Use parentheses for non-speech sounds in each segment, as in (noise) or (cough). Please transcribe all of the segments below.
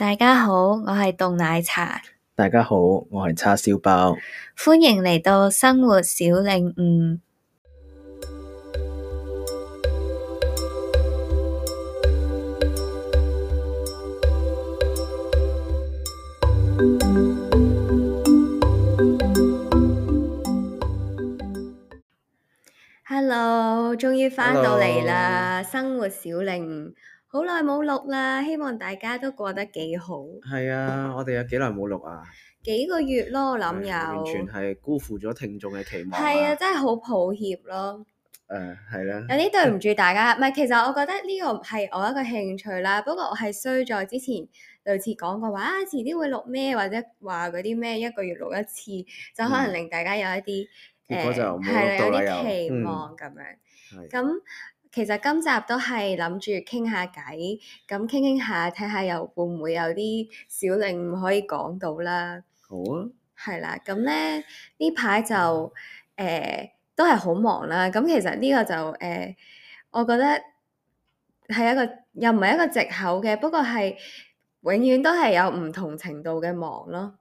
大家好，我係凍奶茶。大家好，我係叉燒包。歡迎嚟到生活小領悟。Hello，終於翻到嚟啦！Hello. 生活小領好耐冇錄啦，希望大家都過得幾好。係啊，我哋有幾耐冇錄啊？幾個月咯，我諗有。完全係辜負咗聽眾嘅期望。係 (noise) 啊，真係好抱歉咯。誒、uh, 啊，係啦。有啲對唔住大家，唔係，其實我覺得呢個係我一個興趣啦。不過我係衰在之前類似講過話啊，遲啲會錄咩，或者話嗰啲咩一個月錄一次，就可能令大家有一啲誒，係啦、嗯嗯，有啲期望咁樣。咁、嗯。其實今集都係諗住傾下偈，咁傾傾下睇下，又會唔會有啲小領悟可以講到啦？好啊，係啦，咁咧呢排就誒、欸、都係好忙啦。咁其實呢個就誒、欸，我覺得係一個又唔係一個藉口嘅，不過係永遠都係有唔同程度嘅忙咯。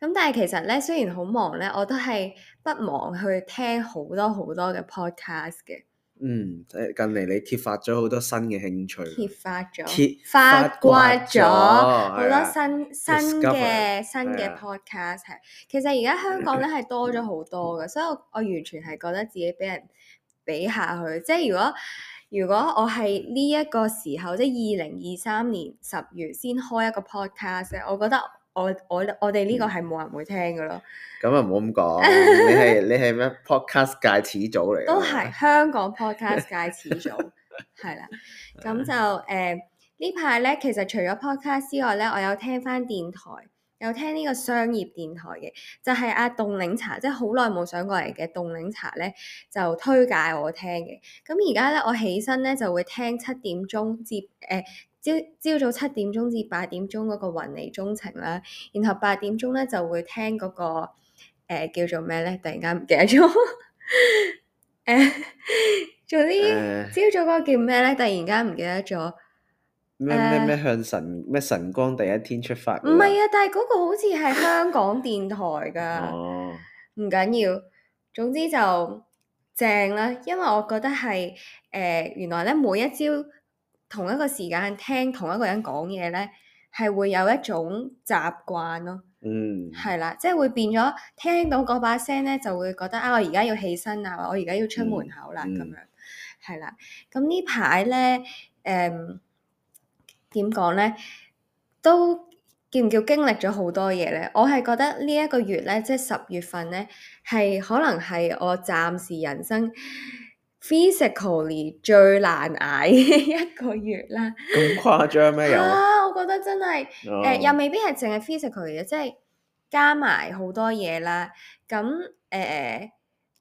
咁但係其實咧，雖然好忙咧，我都係不忘去聽好多好多嘅 podcast 嘅。嗯，誒近嚟你揭發咗好多新嘅興趣，揭發咗，揭發掘咗好多新新嘅新嘅 podcast，係，係，其實而家香港咧係多咗好多嘅，所以我我完全係覺得自己俾人比下去，即係如果如果我係呢一個時候，即係二零二三年十月先開一個 podcast，我覺得。我我我哋呢個係冇人會聽噶咯咁啊唔好咁講，你係你係咩 podcast 界始祖嚟？都係香港 podcast 界始祖，係啦。咁就誒、呃、呢排咧，其實除咗 podcast 之外咧，我有聽翻電台，有聽呢個商業電台嘅，就係阿凍檸茶，即係好耐冇上過嚟嘅凍檸茶咧，就推介我聽嘅。咁而家咧，我起身咧就會聽七點鐘接誒。呃朝朝早七點鐘至八點鐘嗰個雲妮鍾情啦，然後八點鐘咧就會聽嗰、那個、呃、叫做咩咧？突然間唔記得咗誒，總之朝早嗰個叫咩咧？突然間唔記得咗咩咩咩向神咩神光第一天出發？唔係啊，但係嗰個好似係香港電台㗎，唔緊要，總之就正啦，因為我覺得係誒、呃、原來咧每一朝。同一個時間聽同一個人講嘢咧，係會有一種習慣咯。嗯，係啦，即係會變咗聽到嗰把聲咧，就會覺得啊、哎，我而家要起身啦，我而家要出門口啦咁樣。係啦，咁、嗯嗯、呢排咧，誒點講咧，都叫唔叫經歷咗好多嘢咧？我係覺得呢一個月咧，即係十月份咧，係可能係我暫時人生。physically 最難挨一個月啦，咁誇張咩又？ (laughs) (laughs) 啊，我覺得真係，誒、呃，又未必係淨係 physically 嘅，即係加埋好多嘢啦。咁、嗯、誒、呃，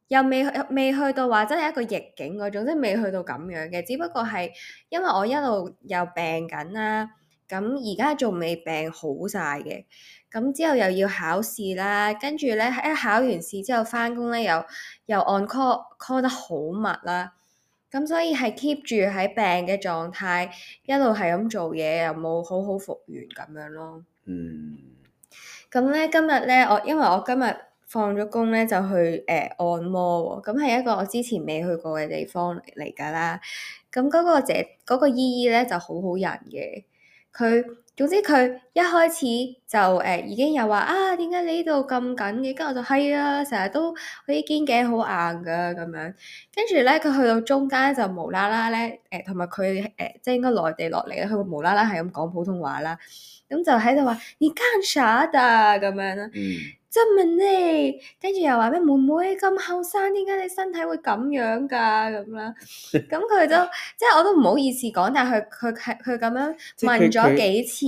又未未去到話真係一個逆境嗰種，即係未去到咁樣嘅，只不過係因為我一路又病緊啦。咁而家仲未病好晒嘅，咁之後又要考試啦，跟住咧一考完試之後返工咧，又又 on call call 得好密啦，咁所以係 keep 住喺病嘅狀態，一路係咁做嘢，又冇好好復原咁樣咯。嗯，咁咧今日咧，我因為我今日放咗工咧，就去誒、呃、按摩喎。咁係一個我之前未去過嘅地方嚟㗎啦。咁嗰個姐嗰、嗰個姨姨咧就好好人嘅。佢，總之佢一開始就誒已經有話啊這這，點解你呢度咁緊嘅？跟住我就係啊，成日都佢啲肩頸好硬噶咁樣。跟住咧，佢去到中間就無啦啦咧誒，同埋佢誒即係應該內地落嚟咧，佢會無啦啦係咁講普通話啦，咁就喺度話你幹啥的咁樣啦。嗯。質問你，跟住又話咩妹妹咁後生，點解你身體會咁樣噶咁啦？咁佢都即係我都唔好意思講，但係佢佢係佢咁樣問咗幾次。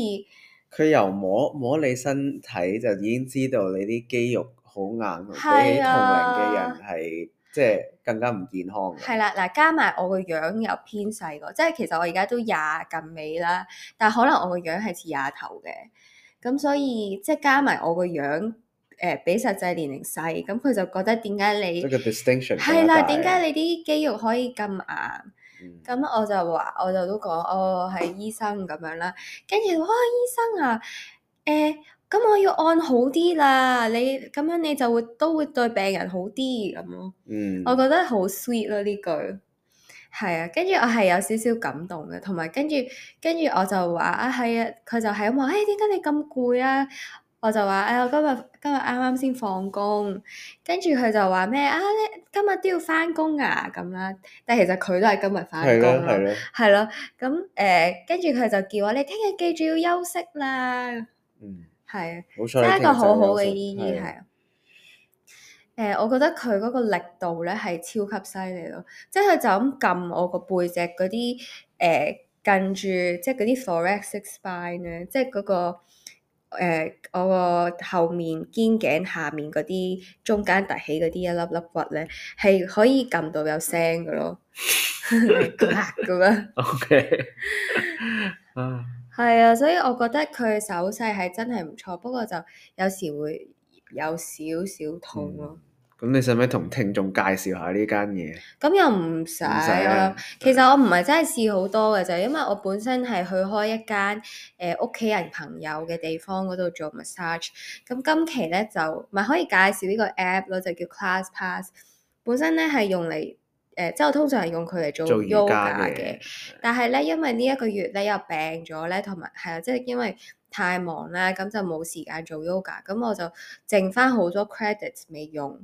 佢又摸摸你身體就已經知道你啲肌肉好硬，比起同齡嘅人係即係更加唔健康。係、啊、啦，嗱，加埋我個樣又偏細個，即係其實我而家都廿近尾啦，但係可能我個樣係似廿頭嘅，咁所以即係加埋我個樣。誒比實際年齡細，咁佢就覺得點解你係啦？點解、like 啊、你啲肌肉可以咁硬？咁、mm. 我就話，我就都講哦，係醫生咁樣啦。跟住哇，醫生啊，誒、欸，咁我要按好啲啦。你咁樣你就會都會對病人好啲咁咯。嗯，mm. 我覺得好 sweet 咯、啊、呢句，係啊。跟住我係有少少感動嘅，同埋跟住跟住我就話、就是欸、啊，係啊，佢就係咁話，誒點解你咁攰啊？我就話：誒、哎，我今日今日啱啱先放工，跟住佢就話咩啊？你今日都要翻工啊咁啦。但係其實佢都係今日翻工咯。係咯，咁誒，跟住佢就叫我你聽日記住要休息啦。嗯，係啊冇錯，真係一個好好嘅意義係啊。誒、呃，我覺得佢嗰個力度咧係超級犀利咯，即係佢就咁撳我個背脊嗰啲誒近住，即係嗰啲 thoracic spine 咧，即係嗰個。誒、呃，我個後面肩頸下面嗰啲中間凸起嗰啲一粒粒骨咧，係可以撳到有聲嘅咯，咁 (laughs) 樣噛的。OK，係啊，所以我覺得佢嘅手勢係真係唔錯，不過就有時會有少少痛咯。咁你使唔使同聽眾介紹下呢間嘢？咁又唔使啊。其實我唔係真係試好多嘅，就係對因為我本身係去開一間誒屋企人朋友嘅地方嗰度做 massage。咁今期咧就咪、呃、可以介紹呢個 app 咯，就叫 Class Pass。本身咧係用嚟誒、呃，即係我通常係用佢嚟做瑜伽嘅。但係咧，因為呢一個月咧又病咗咧，同埋係啊，即係因為。太忙啦，咁就冇時間做瑜伽，咁我就剩翻好多 credit 未用。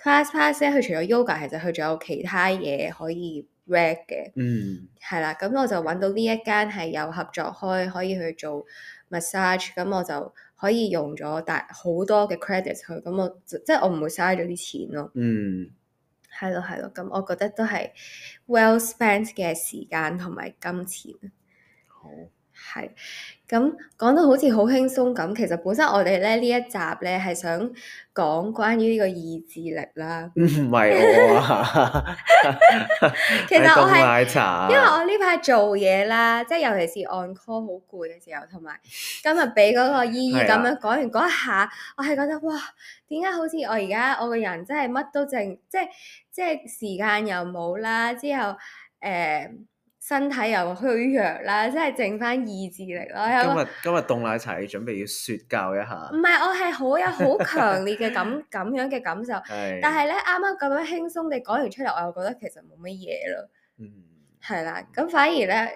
ClassPass 咧佢除咗瑜伽，其實佢仲有其他嘢可以 read 嘅。嗯、mm.。係啦，咁我就揾到呢一間係有合作開，可以去做 massage，咁我就可以用咗大好多嘅 credit 去，咁我即係、就是、我唔會嘥咗啲錢咯。嗯、mm.。係咯，係咯，咁我覺得都係 well spent 嘅時間同埋金錢。好。係咁講到好似好輕鬆咁，其實本身我哋咧呢一集咧係想講關於呢個意志力啦，唔係喎。其實我係，因為我呢排做嘢啦，即係尤其是 on call 好攰嘅時候，同埋今日俾嗰個姨姨咁樣講完嗰、啊、一下，我係覺得哇，點解好似我而家我個人真係乜都淨，即係即係時間又冇啦，之後誒。欸身體又虛弱啦，即係剩翻意志力咯。今日又今日凍奶茶，你準備要說教一下？唔係，我係好有好強烈嘅咁咁樣嘅感受。 (laughs) 但係呢，啱啱咁樣輕鬆地講完出嚟，我又覺得其實冇乜嘢咯。嗯。係啦，咁反而呢，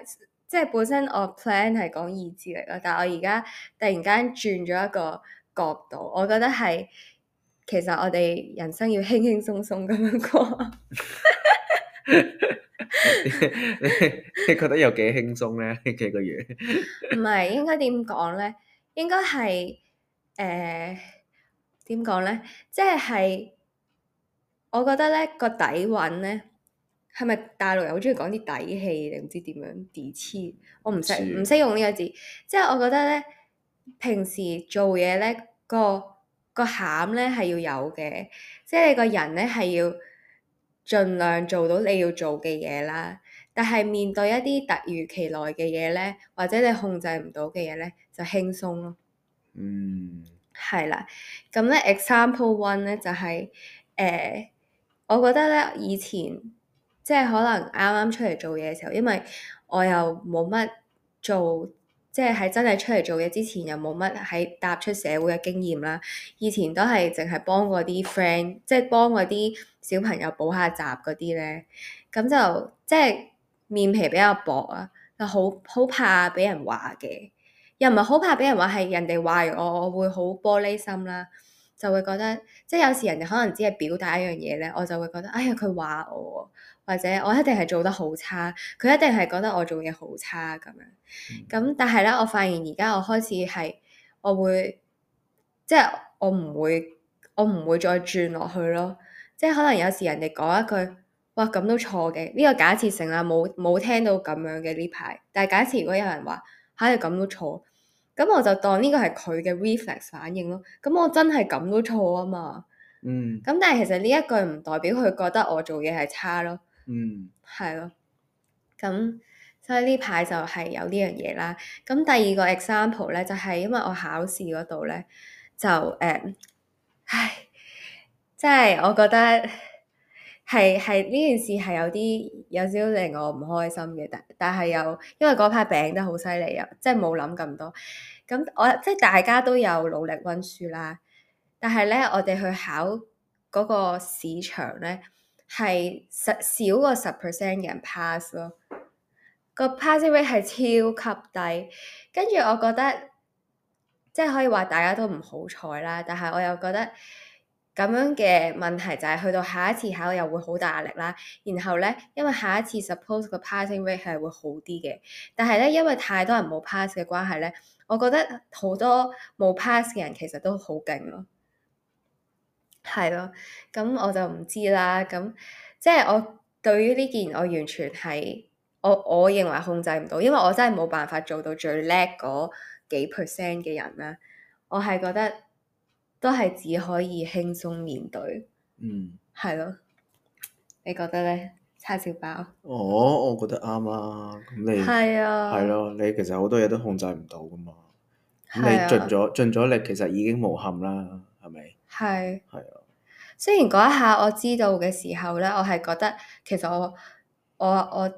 即係本身我 plan 係講意志力咯，但係我而家突然間轉咗一個角度，我覺得係其實我哋人生要輕輕鬆鬆咁樣過。 (laughs) (laughs) 你 (laughs) 你覺得有幾輕鬆咧？呢 (laughs) 幾個月？唔係，應該點講咧？應該係誒，點講咧？即係我覺得咧個底蘊咧，係咪大陸人好中意講啲底氣定唔知點樣？底氣，我唔識唔識用呢個字。即係我覺得咧，平時做嘢咧個個膽咧係要有嘅，即係你個人咧係要。儘量做到你要做嘅嘢啦，但係面對一啲突如其來嘅嘢咧，或者你控制唔到嘅嘢咧，就輕鬆咯。嗯，係啦，咁咧 example one 咧就係，誒，我覺得咧以前，即係可能啱啱出嚟做嘢嘅時候，因為我又冇乜做。即係喺真係出嚟做嘢之前，又冇乜喺踏出社會嘅經驗啦。以前都係淨係幫嗰啲 friend，即係幫嗰啲小朋友補下習嗰啲咧。咁就即係面皮比較薄啊，就好好怕俾人話嘅。又唔係好怕俾人話，係人哋話我，我會好玻璃心啦。就會覺得即係有時人哋可能只係表達一樣嘢咧，我就會覺得哎呀，佢話我。或者我一定係做得好差，佢一定係覺得我做嘢好差咁樣。咁但係咧，我發現而家我開始係我會，即係我唔會，我唔會再轉落去咯。即係可能有時人哋講一句，哇咁都錯嘅，呢個假設性啊，冇冇聽到咁樣嘅呢排。但係假設如果有人話吓，啊，咁都錯，咁我就當呢個係佢嘅 reflex 反應咯。咁我真係咁都錯啊嘛。嗯。咁但係其實呢一句唔代表佢覺得我做嘢係差咯。嗯，係咯，咁所以呢排就係有呢樣嘢啦。咁第二個 example 咧，就係因為我考試嗰度咧，就誒，uh, 唉，即係我覺得係係呢件事係有啲有少少令我唔開心嘅，但但係又因為嗰排病得好犀利啊，即係冇諗咁多。咁我即係大家都有努力溫書啦，但係咧我哋去考嗰個市場咧。係十少過十 percent 嘅人 pass 咯，個 passing rate 係超級低，跟住我覺得即係可以話大家都唔好彩啦。但係我又覺得咁樣嘅問題就係、係、去到下一次考又會好大壓力啦。然後咧，因為下一次 suppose 個 passing rate 係會好啲嘅，但係咧因為太多人冇 pass 嘅關係咧，我覺得好多冇 pass 嘅人其實都好勁咯。係咯，咁我就唔知啦。咁即係我對於呢件，我完全係我我認為控制唔到，因為我真係冇辦法做到最叻嗰幾 percent 嘅人啦。我係覺得都係只可以輕鬆面對。嗯，係咯，你覺得呢？叉燒包，哦，我覺得啱啦。咁你係啊？係咯的，你其實好多嘢都控制唔到噶嘛。咁的你盡咗盡咗力，其實已經無憾啦，係咪？係，雖然嗰一下我知道嘅時候咧，我係覺得其實我我我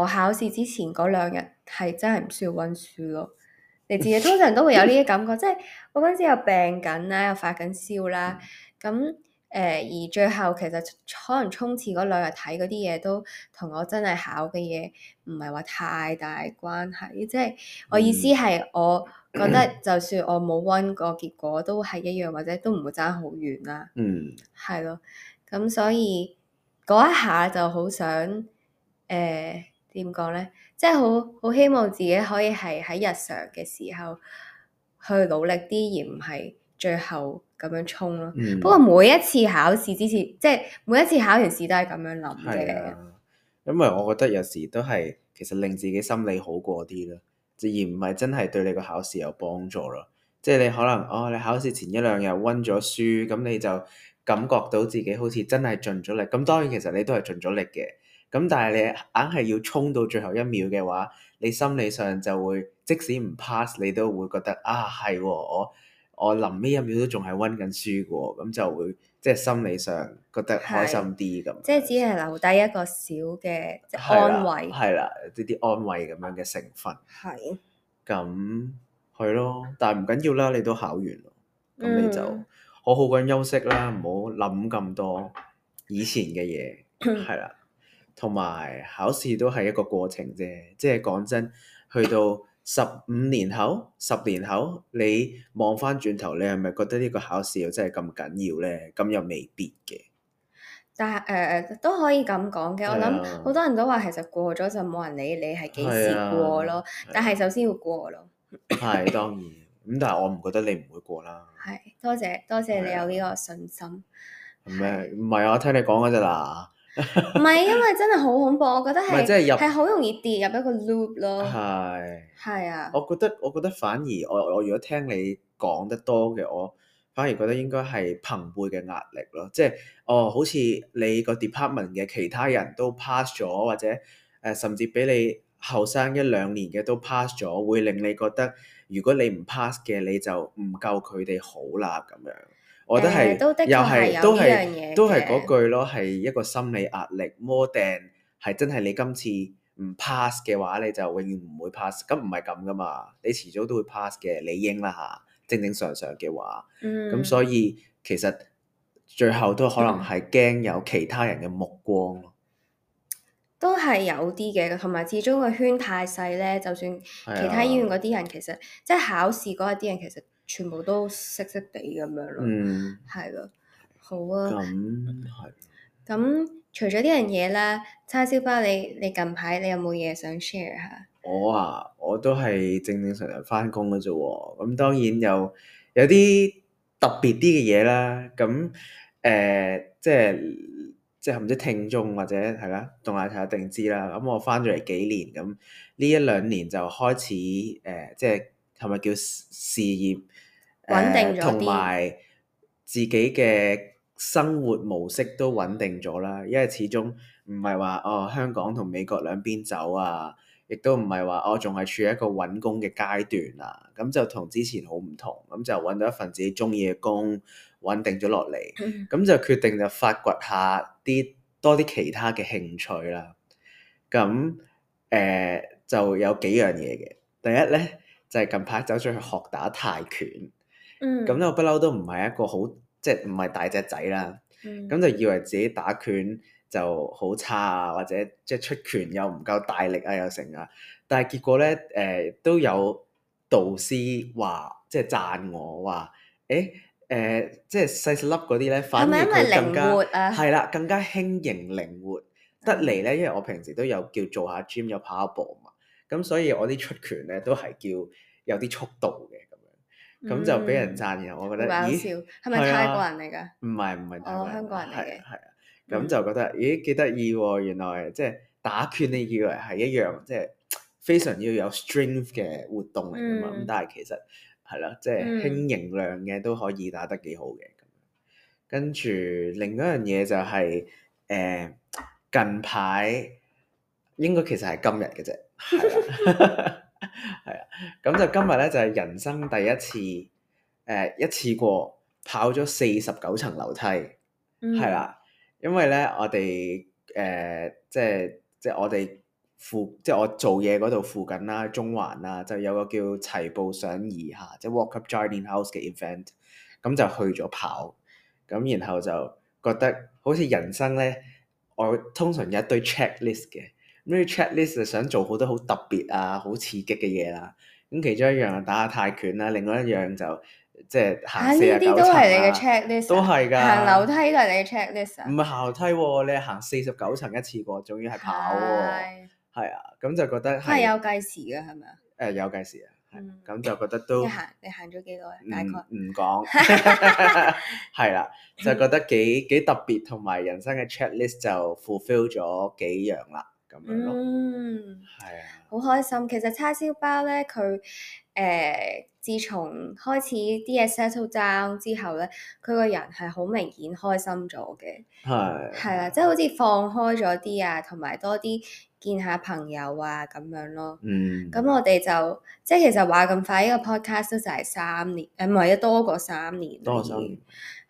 我考試之前嗰兩日係真係唔需要温書咯。你自己通常都會有呢啲感覺？ (laughs) 即係我嗰陣時又病緊啦，又發緊燒啦，咁誒、呃、而最後其實可能衝刺嗰兩日睇嗰啲嘢都同我真係考嘅嘢唔係話太大關係，即係我意思係我。嗯覺得就算我冇温個結果都係一樣，或者都唔會差好遠啦。嗯，係咯。咁所以嗰一下就好想誒點講呢？即係好好希望自己可以係喺日常嘅時候去努力啲，而唔係最後咁樣衝咯啊。嗯，不過每一次考試之前，即係每一次考完試都係咁樣諗嘅。因為我覺得有時都係其實令自己心理好過啲啦。自然唔係真係對你個考試有幫助咯，即係你可能哦，你考試前一兩日温咗書，咁你就感覺到自己好似真係盡咗力，咁當然其實你都係盡咗力嘅，咁但係你硬係要衝到最後一秒嘅話，你心理上就會即使唔 pass 你都會覺得，啊，係喎我我臨尾一秒都仲係温緊書嘅喎，咁就會即係心理上覺得開心啲咁。即係是只係留低一個小嘅的安慰，係啦，呢啲安慰咁樣嘅成分。係的。咁係咯，但係唔緊要啦，你都考完啦，咁你就、嗯、好好咁休息啦，唔好諗咁多以前嘅嘢，係啦。同埋 (coughs) 考試都係一個過程啫，即係講真，去到。十五年後、十年後，你望翻轉頭，你係咪覺得呢個考試又真係咁緊要呢？咁又未必嘅。但係誒、呃、都可以咁講嘅，啊、我諗好多人都話其實過咗就冇人理你係幾時過咯。啊啊、但係首先要過咯。係當然，咁但係我唔覺得你唔會過啦。係， (laughs) 多謝多謝你有呢個信心。唔係唔係，我、啊、聽你講嗰隻啦。唔係， (laughs) 因為真係好恐怖，我覺得係係好容易跌入一個 loop 咯。係係是啊，我覺得我覺得反而我我如果聽你講得多嘅，我反而覺得應該係朋輩嘅壓力咯。即係哦，好似你個 department 嘅其他人都 pass 咗，或者誒、呃、甚至比你後生一兩年嘅都 pass 咗，會令你覺得如果你唔 pass 嘅你就唔夠佢哋好啦咁樣。我覺得都係，又係，都係，都係嗰句咯，係一個心理壓力，磨掟，係真係你今次唔 pass 嘅話，你就永遠唔會 pass。咁唔係咁噶嘛？你遲早都會 pass 嘅，理應啦吓，正正常常嘅話。嗯。咁所以其實最後都可能係驚有其他人嘅目光咯。都係有啲嘅，同埋始終個圈太細咧。就算其他醫院嗰啲人，其實即係考試嗰一啲人，其實。全部都識識地咁樣咯，係咯、嗯，好啊。咁係、嗯。咁除咗呢樣嘢咧，叉燒包，你你近排你有冇嘢想 share 下？我啊，我都係正正常常翻工嘅啫喎。咁當然有有啲特別啲嘅嘢啦。咁誒、呃，即係即係，唔知聽眾或者係啦，動態睇下定知啦。咁我翻咗嚟幾年，咁呢一兩年就開始誒、呃，即係。同埋叫事業穩定，同埋自己嘅生活模式都穩定咗啦。因為始終唔係話哦，香港同美國兩邊走啊，亦都唔係話我仲係處於一個揾工嘅階段啊。咁就同之前好唔同，咁就揾到一份自己中意嘅工，穩定咗落嚟。咁就決定就發掘下啲多啲其他嘅興趣啦。咁誒、呃、就有幾樣嘢嘅，第一咧。就係近排走出去學打泰拳，咁、嗯、我不嬲都唔係一個好，即係唔係大隻仔啦。咁、嗯、就以為自己打拳就好差啊，或者即係出拳又唔夠大力啊，又成啊。但係結果咧，誒、呃、都有導師話，即、就、係、是、讚我話，誒、欸、誒，即係細細粒嗰啲咧，反而佢更加係啦、啊，更加輕盈靈活、嗯、得嚟咧。因為我平時都有叫做下 gym，有跑下步。咁所以我啲出拳咧都係叫有啲速度嘅咁樣，咁、嗯、就俾人讚嘅。我覺得咦，係咪泰國人嚟㗎？唔係唔係，哦，香港人嚟嘅。係啊，咁、啊、就覺得咦幾得意喎！原來即係打拳，你以為係一樣即係非常要有 strength 嘅活動嚟㗎嘛？咁、嗯、但係其實係啦、啊，即係輕盈量嘅都可以打得幾好嘅咁樣。跟住另一樣嘢就係、是、誒、呃、近排應該其實係今日嘅啫。係啦，係啊 (laughs) 是的，咁 (laughs) 就今日咧就係、是、人生第一次，誒、呃、一次過跑咗四十九層樓梯，係啦、mm hmm.，因為咧我哋誒、呃、即係即係我哋附即係我做嘢嗰度附近啦，中環啦，就有個叫齊步上移下，即係 Walk Up Jardine House 嘅 event，咁就去咗跑，咁然後就覺得好似人生咧，我通常有一堆 checklist 嘅。咩 checklist 就想做好多好特別啊、好刺激嘅嘢啦。咁其中一樣就打下泰拳啦、啊，另外一樣就即係、啊啊啊、行四啊九層啦、都係㗎，行樓梯都係你嘅 checklist。唔係行樓梯喎，你行四十九層一次過，仲要係跑喎。係啊，咁、啊哎啊、就覺得係有計時嘅係咪啊？誒有計時啊，咁就覺得都你行你行咗幾耐？大概唔講係啦，就覺得幾幾，幾特別，同埋人生嘅 checklist 就 fulfill 咗幾樣啦。嗯，係啊，好開心。其實叉燒包咧，佢誒、呃，自從開始啲嘢 settle down 之後咧，佢個人係好明顯開心咗嘅。係係啦，即係好似放開咗啲啊，同埋多啲。見下朋友啊，咁樣咯。嗯。咁我哋就即係其實話咁快，呢個 podcast 就係三年，誒、呃，唔係多過三年。多過三年。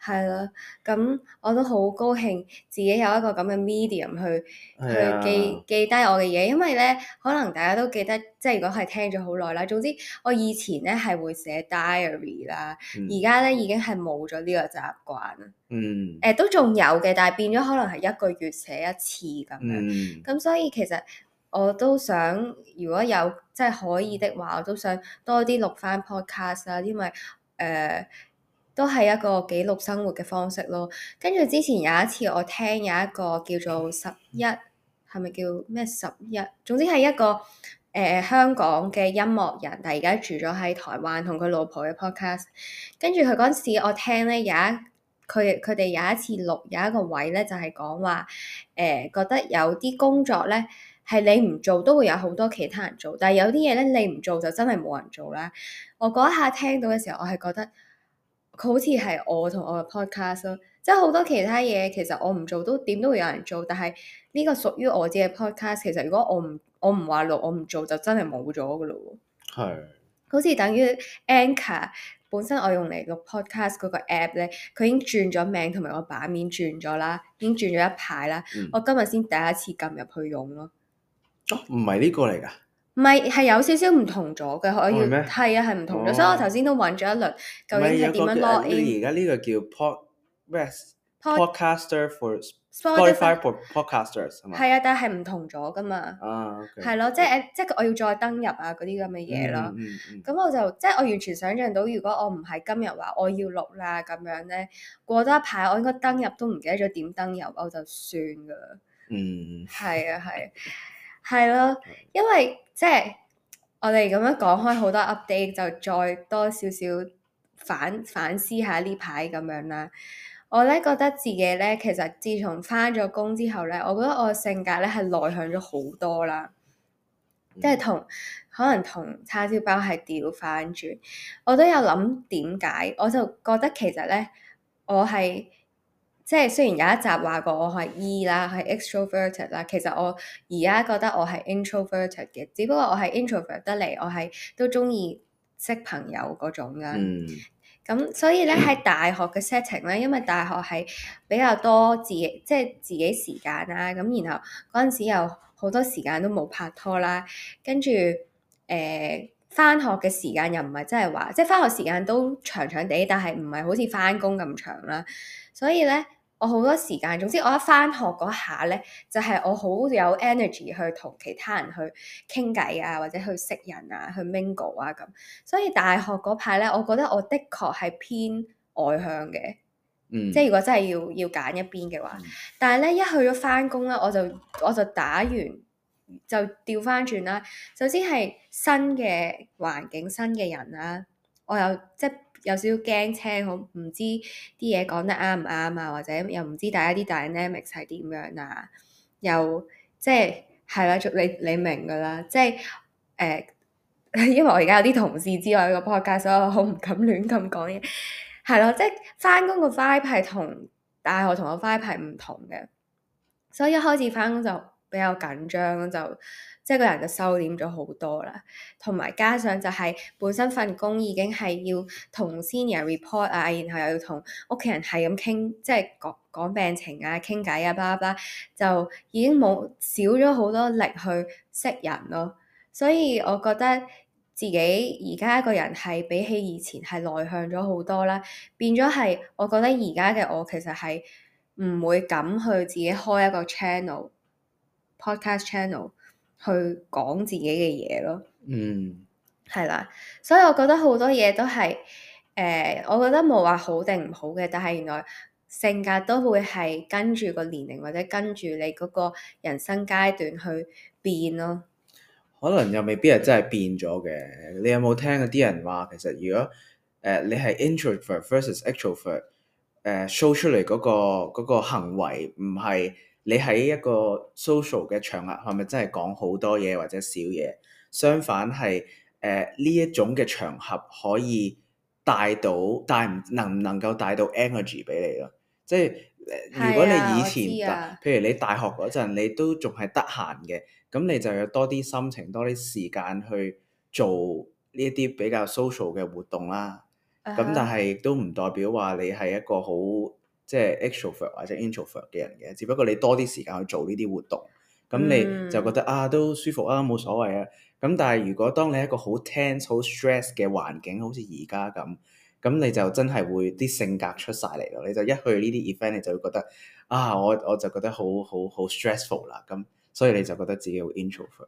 係咯。咁我都好高興自己有一個咁嘅 medium 去去記記低我嘅嘢，因為咧可能大家都記得，即係如果係聽咗好耐啦。總之我以前咧係會寫 diary 啦，而家咧已經係冇咗呢個習慣。嗯，誒、欸、都仲有嘅，但係變咗可能係一個月寫一次咁樣，咁、嗯、所以其實我都想如果有即係可以嘅話，我都想多啲錄返 podcast 啦，因為誒、呃、都係一個記錄生活嘅方式咯。跟住之前有一次我聽有一個叫做十一，係咪叫咩十一？總之係一個誒、呃、香港嘅音樂人，但係而家住咗喺台灣，同佢老婆嘅 podcast。跟住佢嗰陣時，我聽咧有一。佢佢哋有一次錄有一個位咧，就係講話誒，覺得有啲工作咧係你唔做都會有好多其他人做，但係有啲嘢咧你唔做就真係冇人做啦。我嗰一下聽到嘅時候，我係覺得好似係我同我嘅 podcast 咯，即係好多其他嘢其實我唔做都點都會有人做，但係呢個屬於我自己嘅 podcast，其實如果我唔我唔話錄我唔做就真係冇咗噶咯，係是好似等於 anchor。本身我用嚟錄 podcast 嗰個 app 咧，佢已經轉咗名同埋個版面轉咗啦，已經轉咗一排啦。嗯、我今日先第一次撳入去用咯。哦，唔係呢個嚟㗎。唔係係有少少唔同咗嘅，可以係啊，係唔嗎同咗。哦、所以我頭先都揾咗一輪，究竟係點是樣攞嘅。而家呢個叫 Podcast。Podcaster for Spotify, Spotify. podcasters 係、right? 啊，但係唔同咗噶嘛，係咯、ah, okay. 啊，即係即係我要再登入啊嗰啲咁嘅嘢咯。咁、mm hmm. 我就即係我完全想象到，如果我唔係今日話我要錄啦咁樣咧，過多一排我應該登入都唔記得咗點登入，我就算噶啦。嗯、mm，係、hmm. 啊，係係咯，因為即係我哋咁樣講開好多 update，就再多少少反反思下呢排咁樣啦。我咧覺得自己咧，其實自從翻咗工之後咧，我覺得我性格咧係內向咗好多啦，即係同可能同叉燒包係掉翻轉。我都有諗點解，我就覺得其實咧，我係即係雖然有一集話過我係 E 啦，係 extroverted 啦，其實我而家覺得我係 introverted 嘅，只不過我係 introvert 得嚟，我係都中意識朋友嗰種啦，咁，嗯，所以咧喺大學嘅 setting 咧，因為大學係比較多自己，即係自己時間啦。咁然後嗰陣時又好多時間都冇拍拖啦，跟住誒翻學嘅時間又唔係真係話，即係翻學時間都長長哋，但係唔係好似翻工咁長啦，所以咧。我好多時間，總之我一翻學嗰下咧，就係、是、我好有 energy 去同其他人去傾偈啊，或者去識人啊，去 mingle 啊咁。所以大學嗰排咧，我覺得我的確係偏外向嘅。嗯、即係如果真係要要揀一邊嘅話，嗯、但係咧一去咗翻工咧，我就我就打完就調翻轉啦。首先係新嘅環境、新嘅人啦、啊，我有即有少少驚青，好唔知啲嘢講得啱唔啱啊？或者又唔知大家啲 dynamics 係點樣啊？又即係係啦，你你明噶啦，即係誒、欸，因為我而家有啲同事之外個科學家，所以我好唔敢亂咁講嘢。係咯，即係翻工個 vibe 係同大學同個 vibe 係唔同嘅，所以一開始翻工就比較緊張就。即係個人就收斂咗好多啦，同埋加上就係本身份工已經係要同 senior report 啊，然後又要同屋企人係咁傾，即係講講病情啊、傾偈啊，巴拉巴，就已經冇少咗好多力去識人咯。所以我覺得自己而家一個人係比起以前係內向咗好多啦，變咗係我覺得而家嘅我其實係唔會敢去自己開一個 channel podcast channel。去講自己嘅嘢咯，嗯，係啦，所以我覺得好多嘢都係，誒、呃，我覺得冇話好定唔好嘅，但係原來性格都會係跟住個年齡或者跟住你嗰個人生階段去變咯。可能又未必係真係變咗嘅，你有冇聽嗰啲人話？其實如果誒、呃、你係 introvert versus extrovert，show、呃、出嚟嗰、嗰個嗰、嗰個行為唔係。你喺一個 social 嘅場合係咪真係講好多嘢或者少嘢？相反係誒，呢一種嘅場合可以帶到帶唔能唔能夠帶到 energy 俾你咯。即係如果你以前、啊、譬如你大學嗰陣，你都仲係得閒嘅，咁你就有多啲心情、多啲時間去做呢一啲比較 social 嘅活動啦。咁、uh huh. 但係都唔代表話你係一個好。即係 extrovert 或者 introvert 嘅人嘅，只不過你多啲時間去做呢啲活動，咁你就覺得、嗯、啊都舒服啊冇所謂啊。咁但係如果當你一個好 tense、好 stress 嘅環境，好似而家咁，咁你就真係會啲性格出晒嚟咯。你就一去呢啲 event，你就會覺得啊，我我就覺得好好好 stressful 啦。咁、啊啊、所以你就覺得自己好 introvert。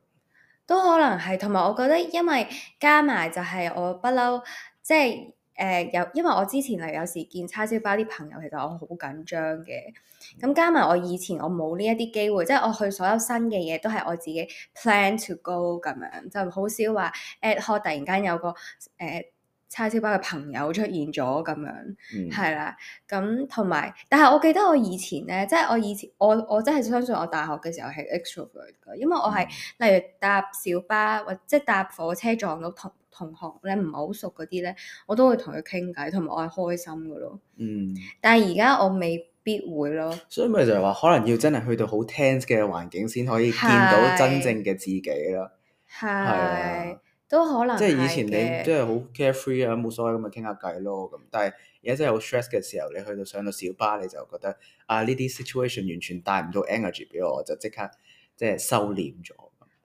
都可能係，同埋我覺得，因為加埋就係我不嬲，即係。誒、uh, 有，因為我之前嚟有時見叉燒包啲朋友，其實我好緊張嘅。咁加埋我以前我冇呢一啲機會，即係我去所有新嘅嘢都係我自己 plan to go 咁樣，就好少話 ad hoc 突然間有個誒。Uh, 叉燒包嘅朋友出現咗咁樣，係啦、嗯，咁同埋，但係我記得我以前咧，即係我以前，我我真係相信我大學嘅時候係 extrovert 嘅，因為我係例、嗯、如搭小巴或即係搭火車撞到同同學咧唔係好熟嗰啲咧，我都會同佢傾偈，同埋我係開心嘅咯。嗯，但係而家我未必會咯。所以咪就係話，可能要真係去到好 tense 嘅環境先可以見到真正嘅自己咯。係的。的都可能即係以前你即係好 carefree 啊的，冇所謂咁咪傾下偈咯咁，但係而家真係好 stress 嘅時候，你去到上到小巴你就覺得啊，呢啲 situation 完全帶唔到 energy 俾我，就即刻即係收斂咗。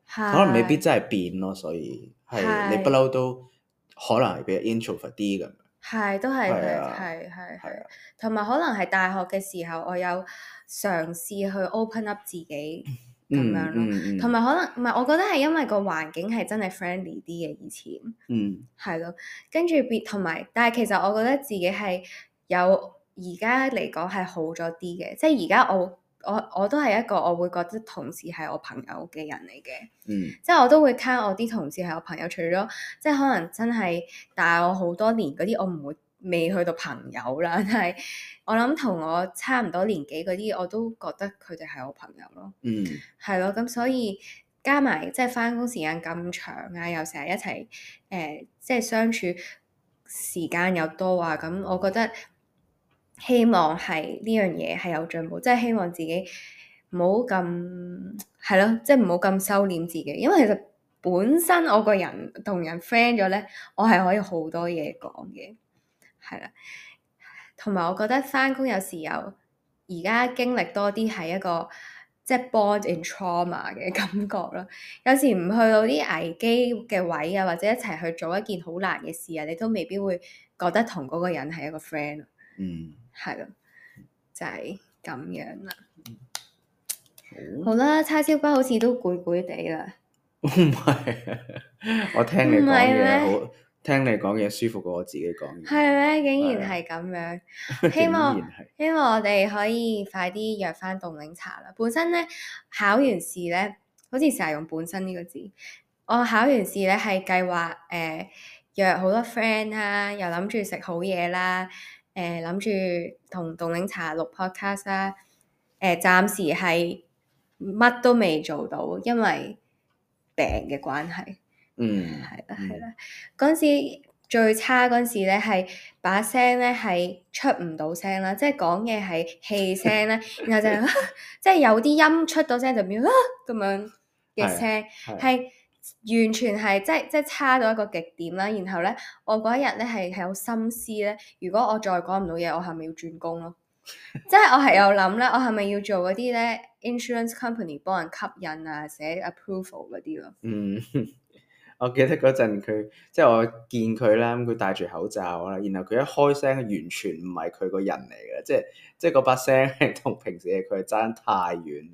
是可能未必真係變咯，所以係是你不嬲都可能係比較 introvert 啲咁。係，都係，係、啊，係，係，同埋是可能係大學嘅時候，我有嘗試去 open up 自己。 (laughs) 咁樣咯，同埋、嗯嗯、可能唔係，我覺得係因為個環境係真係 friendly 啲嘅以前，嗯，係咯，跟住同埋，但係其實我覺得自己係有而家嚟講係好咗啲嘅，即係而家我我我都係一個我會覺得同事係我朋友嘅人嚟嘅，嗯，即係我都會睇我啲同事係我朋友，除咗即係可能真係大我好多年嗰啲，我唔會。未去到朋友啦，但係我諗同我差唔多年紀嗰啲，我都覺得佢哋係我朋友咯。嗯，係咯，咁所以加埋即係翻工時間咁長啊，又成日一齊誒，即係相處時間又多啊，咁我覺得希望係呢樣嘢係有進步，即係希望自己唔好咁係咯，即係唔好咁收斂自己，因為其實本身我個人同人 friend 咗咧，我係可以好多嘢講嘅。係啦，同埋我覺得返工有時候而家經歷多啲係一個即係、就是、bond and trauma 嘅感覺咯。有時唔去到啲危機嘅位啊，或者一齊去做一件好難嘅事啊，你都未必會覺得同嗰個人係一個 friend、啊。嗯，係咯，就係、是、咁樣啦、嗯。好啦，叉燒包好似都攰攰地啦。唔係 (laughs) 不是， (laughs) 我聽你講聽你講嘢舒服過我自己講嘢，係咩？竟然係咁樣， (laughs) 希望希望我哋可以快啲約翻凍奶茶啦。本身咧，考完試咧，好似成日用本身呢個字。我考完試咧係計劃誒、呃、約好多 friend 啦、啊，又諗住食好嘢啦、啊，誒諗住同凍奶茶錄 podcast 啦、啊，誒、呃、暫時係乜都未做到，因為病嘅關係。嗯，係啦係啦，嗰、hmm. 陣時最差嗰陣時咧，係把聲咧係出唔到聲啦，即係講嘢係氣聲咧， (laughs) 然後就係、 (laughs) 即係有啲音出到聲就變咁、啊、樣嘅聲，係 (laughs) 完全係即係即係差到一個極點啦。然後咧，我嗰一日咧係係有心思咧，如果我再講唔到嘢，我係咪要轉工咯？即係 (laughs) 我係有諗咧，我係咪要做嗰啲咧？insurance company 幫人吸引啊，寫 approval 嗰啲咯。嗯。 (laughs) 我記得嗰陣佢，即係我見佢啦，咁佢戴住口罩啦，然後佢一開聲，完全唔係佢個人嚟嘅，即係即係嗰把聲係同平時嘅佢爭太遠。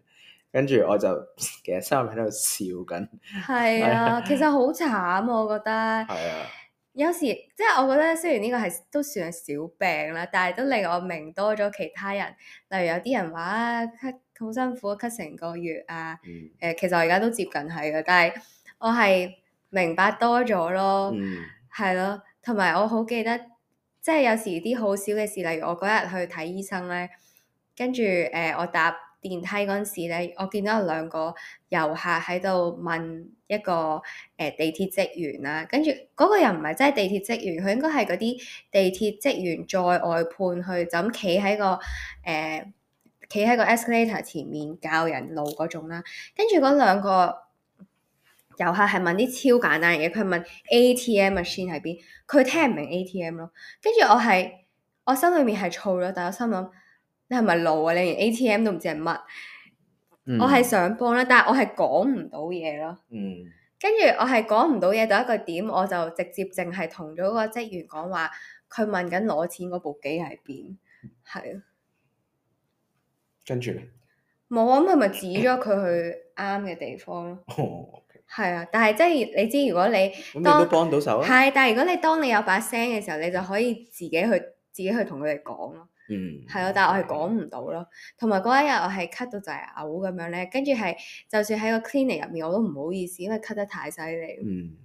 跟住我就其實心入面喺度笑緊。係啊，其實好、啊 (laughs) 啊、慘，我覺得。係啊。有時即係我覺得，雖然呢個係都算係小病啦，但係都令我明多咗其他人。例如有啲人話啊，咳好辛苦，咳成個月啊。嗯。誒，其實我而家都接近係嘅，但係我係。明白多咗咯，係咯、嗯，同埋我好記得，即係有時啲好小嘅事，例如我嗰日去睇醫生咧，跟住誒我搭電梯嗰陣時咧，我見到有兩個遊客喺度問一個誒地鐵職員啦，跟住嗰個又唔係真係地鐵職員，佢應該係嗰啲地鐵職員在外判去，就咁企喺個誒企喺個 escalator 前面教人路嗰種啦，跟住嗰兩個。遊客係問啲超簡單嘅嘢，佢問 ATM machine 喺邊，佢聽唔明 ATM 咯。跟住我係我心裏面係燥咗，但我心諗你係咪老啊？你連 ATM 都唔知係乜？我係想幫啦，但係我係講唔到嘢咯。嗯，跟住我係講唔到嘢，到一個點，我就直接淨係同咗個職員講話，佢問緊攞錢嗰部機喺邊，係。跟住著，冇咁佢咪指咗佢去啱嘅地方咯？哦係啊，但係即係你知，如果你都幫到手，啊。係，但係如果你當你有把聲嘅時候，你就可以自己去自己去同佢哋講咯。嗯，係啊，但係我係講唔到咯。同埋嗰一日我係咳到就係嘔咁樣咧，跟住係就算喺個 cleaning 入面我都唔好意思，因為咳得太犀利。嗯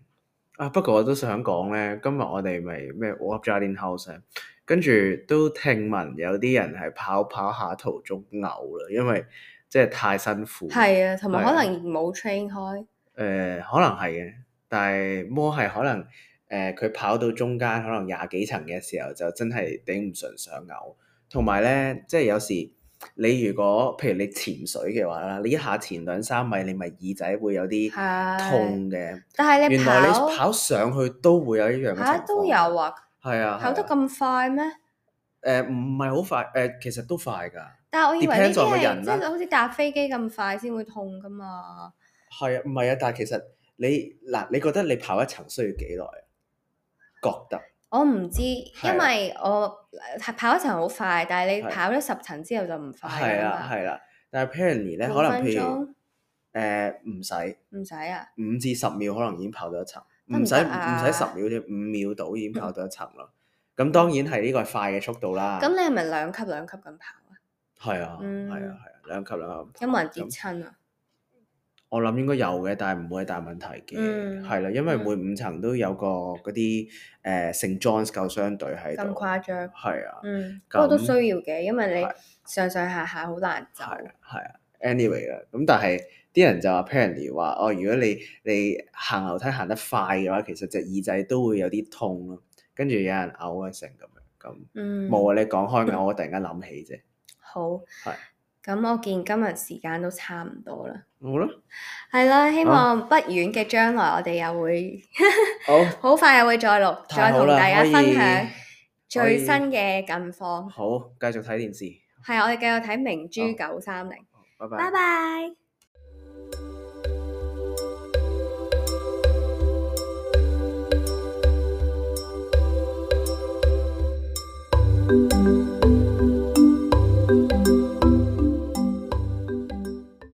啊，不過我都想講咧，今日我哋咪咩 run up Jardine House，啊、跟住都聽聞有啲人係跑跑下途中嘔啦，因為即係太辛苦。係啊，同埋以、啊、可能冇 train 開。誒可能係嘅，但係摩係可能誒佢跑到中間可能廿幾層嘅時候就真係頂唔順想嘔，同埋咧即係有時你如果譬如你潛水嘅話啦，你一下潛兩三米，你咪耳仔會有啲痛嘅。但係原來你跑上去都會有一樣嘅情況。都有啊！係啊，跑得咁快咩？誒唔係好快誒，其實都快㗎。但係我以為啲嘢即係好似搭飛機咁快先會痛㗎嘛。係啊，唔係啊，但係其實你嗱，你覺得你跑一層需要幾耐啊？覺得我唔知，因為我跑一層好快，但係你跑咗十層之後就唔快啦嘛。係啦係啦，但係 Apparently 咧可能譬如誒唔使唔使啊，五至十秒可能已經跑到一層，唔使唔使十秒，五秒到已經跑到一層咯。咁當然係呢個係快嘅速度啦。咁你係咪兩級兩級咁跑啊？係啊係啊係啊，兩級兩級咁。有冇人跌親啊？我諗應該有嘅，但係唔會係大問題嘅，係啦、嗯，因為每五層都有個嗰啲誒聖 John 救傷隊喺度。咁誇張。係啊的。嗯。不過但都需要嘅，因為你上上下下好難走。係啊係啊。anyway 啦、嗯，咁但係啲人就話 Penny 話哦，如果你你行樓梯行得快嘅話，其實隻耳仔都會有啲痛咯，跟住有人嘔啊成咁樣咁。嗯。冇啊！你講開我，我突然間諗起啫。嗯、好。係。咁我見今日時間都差唔多啦，好啦吧，係啦，希望不、啊、遠嘅將來，我哋又會好 (laughs) 快又會再錄，再同大家分享以最新嘅近況。以好，繼續睇電視，係，我哋繼續睇明珠九三零，拜拜，拜拜。